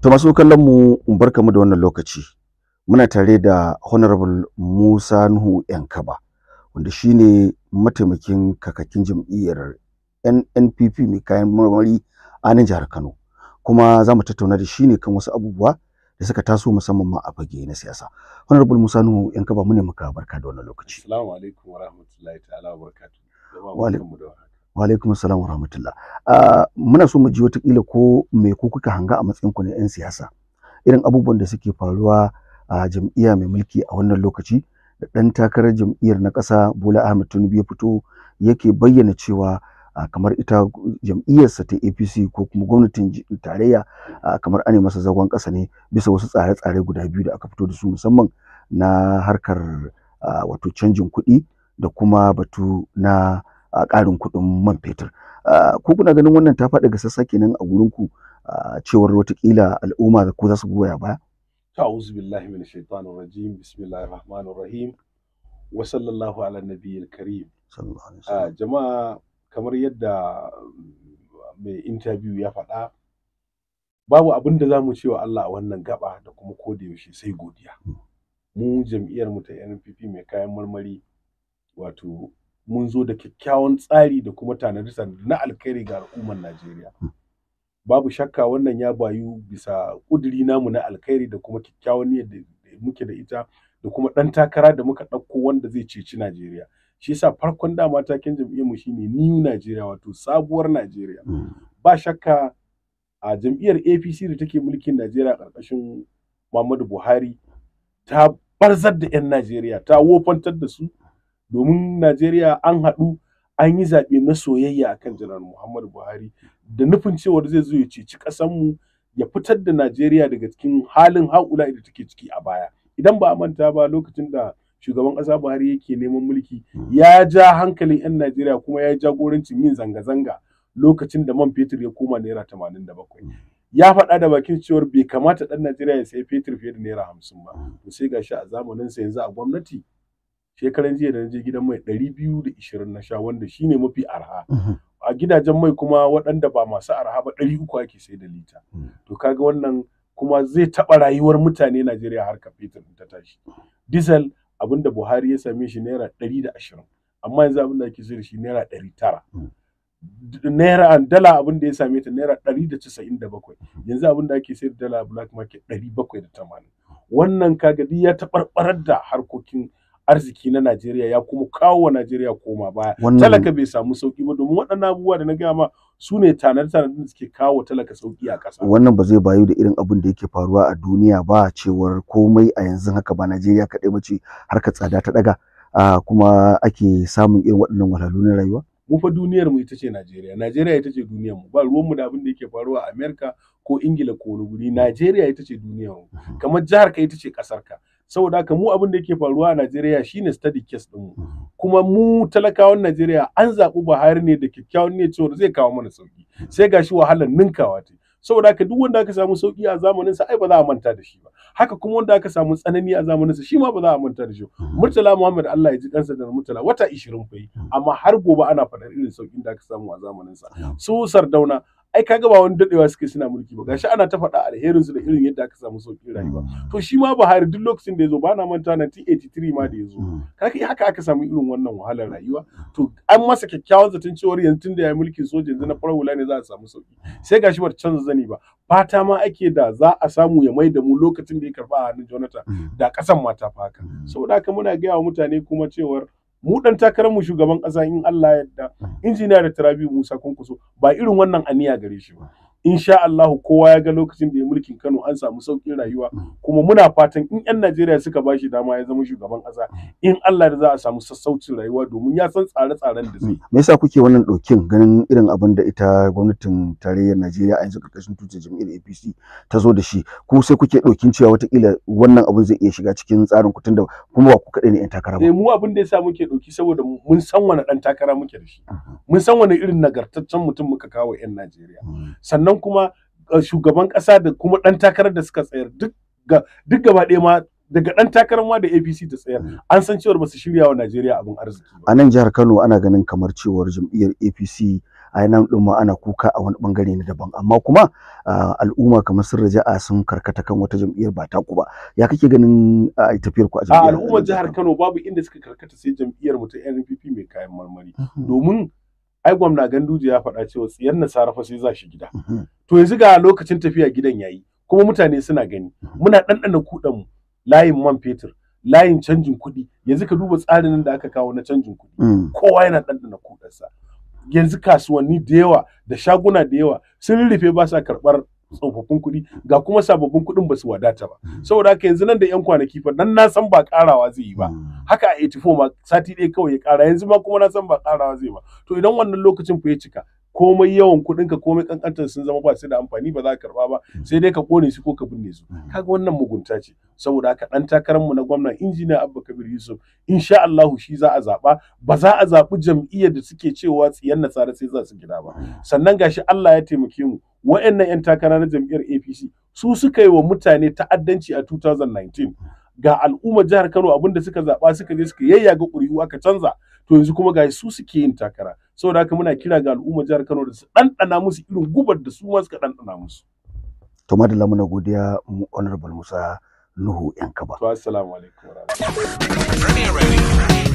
To masu kallon mu barka mu da wannan lokaci. Muna tare da Honorable Musa Nuhu Yankaba wanda shine mataimakin kakakin jam'iyyar NNPP mai kayan marmari a nan jihar Kano. Kuma za mu tattauna da shi ne kan wasu abubuwa da suka taso musamman ma a fage na siyasa. Honorable Musa Nuhu Yankaba mu ne muka barka da wannan lokaci. Assalamu alaikum rahmatullahi ta'ala Wa alaikum wa alaikum wa rahmatullah ah, muna so mu ji watakila ko me ku kuka hanga a matsayin ku na yan siyasa irin abubuwan da suke faruwa a jam'iyya mai mulki a wannan lokaci da ɗan takarar jam'iyyar na ƙasa Bola Ahmed Tinubu ya fito yake bayyana cewa ah, kamar ita jam'iyyarsa ta APC ko kuma gwamnatin tarayya ah, kamar ane masa zagon ƙasa ne bisa wasu tsare-tsare guda biyu da aka fito da su musamman na harkar wato canjin kuɗi da kuma batu na a ƙarin kuɗin man fetur ko kuna ganin wannan ta faɗi ga sassa kenan a gurin ku cewar watakila al'umma da ku za su goya baya ta'awuzu billahi min shaitanir rajim bismillahir rahmanir rahim wa sallallahu ala nabiyil karim jama'a kamar yadda mm, mai interview ya faɗa babu abin da zamu ce wa Allah a wannan gaba da kuma ko da yaushe sai godiya hmm. mu jam'iyyar mu ta NPP mai kayan marmari wato mun zo da kyakkyawan tsari da kuma tanadi na alkhairi ga al'ummar Najeriya. Hmm. Babu shakka wannan ya bayu bisa ƙuduri namu na alkhairi da kuma kyakkyawan niyyar da muke da ita da kuma ɗan takara da muka ɗauko wanda zai ceci Najeriya. Shi yasa farkon dama taken mu shine New Najeriya wato sabuwar Najeriya. Hmm. Ba shakka a jam'iyyar APC da take mulkin Najeriya ƙarƙashin Muhammadu Buhari ta barzar da 'yan Najeriya ta wofantar da su domin Najeriya an haɗu an yi zaɓe na soyayya akan janar Muhammadu Buhari da nufin cewar zai zo ya ceci mu ya fitar da Najeriya daga cikin halin haƙula da take ciki a baya. Idan ba a manta ba lokacin da shugaban ƙasa Buhari yake neman mulki ya ja hankalin 'yan Najeriya kuma ya jagorancin yin zanga-zanga lokacin da man fetur ya koma naira tamanin da bakwai. Ya faɗa da bakin cewar bai kamata ɗan Najeriya ya sayi fetur fiye da naira hamsin ba. To sai gashi a zamaninsa yanzu a gwamnati shekaran jiya da je gidan mai ɗari biyu da 220 na sha wanda shine mafi arha mhm. a gidajen mai kuma waɗanda ba masu arha ba 300 ake sai da lita mm. to kaga wannan kuma zai taɓa rayuwar mutane Najeriya har ka fetur ta tashi diesel abinda Buhari ya same shi naira 120 amma yanzu abinda ake sayar shi naira 900 mm. naira dala abin da ya same ta naira ɗari mm. yanzu abin da ake sayar dala black market tamanin. wannan kagadi ya taɓarɓarar da harkokin arziki na Najeriya ya kuma kawo wa Najeriya koma baya. Talaka bai samu sauki ba domin waɗannan abubuwa da na gaya ma su ne tanar-tanar da suke kawo talaka sauki a ƙasa. Wannan ba zai bayu da irin abin da yake faruwa a duniya ba cewar komai a yanzu haka ba Najeriya kaɗai ba ce tsada ta ɗaga kuma ake samun irin waɗannan wahalhalu na rayuwa. mu fa duniyar mu ita ce Najeriya Najeriya ita ce duniyar mu ba ruwan mu da abin da yake faruwa a Amerika ko Ingila ko wani Najeriya ita ce duniyar mu mhm. kamar jihar ka ita ce kasar ka saboda haka mu abin da yake faruwa a Najeriya shine study case din mu mm. kuma mu talakawan Najeriya an zaɓi Buhari ne da kyakkyawan ne cewa zai kawo mana sauki mm. sai gashi wahalar ninkawa ce saboda haka duk wanda aka samu sauki a zamanin sa ai ba za a manta da shi ba haka kuma wanda aka samu tsanani a zamanin sa shi ma ba za a manta da shi mm. Murtala Muhammad Allah ya ji kansa da Murtala wata 20 fa amma har gobe ana faɗar irin saukin da aka samu a zamanin sa su Sardauna ai kaga ba wani dadewa suke suna mulki ba gashi ana ta faɗa alherin su da irin yadda aka samu sauƙin rayuwa mm. to shi ma Buhari duk lokacin da yazo ba na manta 1983 ma da yazo mm. kaga haka aka samu irin wannan wahalar rayuwa to an masa kyakkyawan zaton cewa yanzu tunda ya mulkin soja yanzu na farar hula ne za a samu sauƙi sai gashi ba canza zani ba fata ma ake da za a samu ya mai da mu lokacin da ya karba a hannun Jonathan mm. da kasan mata fa haka saboda haka muna gaya wa mutane kuma cewar mu dan takarar mu shugaban ƙasa in Allah ya yarda mm. injiniya da Tarabi Musa Kunkuso ba irin wannan aniya gare shi ba insha Allah kowa ya ga lokacin da ya mulkin Kano an samu sauƙin rayuwa mm. kuma muna fatan in ƴan Najeriya suka ba shi dama ya zama shugaban ƙasa mm. in Allah da za a samu sassaucin rayuwa domin ya san tsare-tsaren da zai mm. me yasa kuke wannan ɗokin ganin irin abin da ita gwamnatin tarayyar Najeriya a yanzu ƙarƙashin tutar jam'iyyar APC ta zo da shi ku sai kuke ɗokin cewa watakila wannan abin zai iya shiga cikin tsarin kutun da kuma ba ku kaɗai ne 'yan takara ba eh mu abin da yasa muke ɗoki saboda mun san wani ɗan takara muke da shi mun san wani irin nagartaccen mutum muka kawo ƴan Najeriya sannan sannan kuma uh, shugaban kasa da kuma ɗan takarar da suka tsayar duk gaba ɗaya ma daga ɗan takarar ma da APC ta tsayar mm. an san cewar basu shirya wa Najeriya abin arziki a nan jihar Kano ana ganin kamar cewar jam'iyyar APC a nan ɗin ma ana kuka a wani bangare na daban amma kuma uh, al'umma kamar sun raja'a sun karkata kan wata jam'iyyar ba ku ba ya kake ganin tafiyar ku a jam'iyyar A al'ummar jihar Kano babu inda suka karkata sai jam'iyyar mu ta NPP mai kayan marmari mm-hmm. domin ai gwamna ganduje ya faɗa cewa tsiyar nasara fa sai za shi gida mhm. to yanzu ga lokacin tafiya gidan yayi kuma mutane suna gani mhm. muna ɗanɗana kuɗan mu layin man fetur layin canjin kuɗi yanzu ka duba tsarin da aka kawo na canjin kuɗi mm. kowa yana ɗanɗana kuɗansa yanzu kasuwanni da yawa da shaguna da yawa sun rufe ba sa karɓar tsofaffin kuɗi ga kuma sababbin kuɗin ba su wadata ba hmm. saboda haka yanzu nan da yan kwanaki fa nan na san ba karawa zai yi ba hmm. haka a 84 ma sati ɗaya kawai ya kara yanzu ma kuma na san ba karawa zai ba to idan wannan lokacin fa ya cika komai yawan kuɗin ka komai kankantar sun zama ba su da amfani ba za ka karba ba hmm. sai dai ka kone su ko ka binne su hmm. kaga wannan mugunta ce saboda haka ɗan takarar mu na gwamna injiniya Abba Kabir Yusuf insha Allah shi za a zaɓa. ba za a zaɓi jam'iyyar da suke cewa tsiyan nasara sai za su gida ba hmm. sannan gashi Allah ya taimake mu wa'annan 'yan takara na jam'iyyar APC su suka yi wa mutane ta'addanci a 2019 ga al'ummar jihar Kano da suka zaɓa suka je suka yayyaga ƙuri'u aka canza to yanzu kuma ga su suke yin takara saboda haka muna kira ga al'ummar jihar Kano da su ɗanɗana musu irin gubar da su ma suka ɗanɗana musu to madalla muna godiya honorable Musa Nuhu Yankaba to assalamu alaikum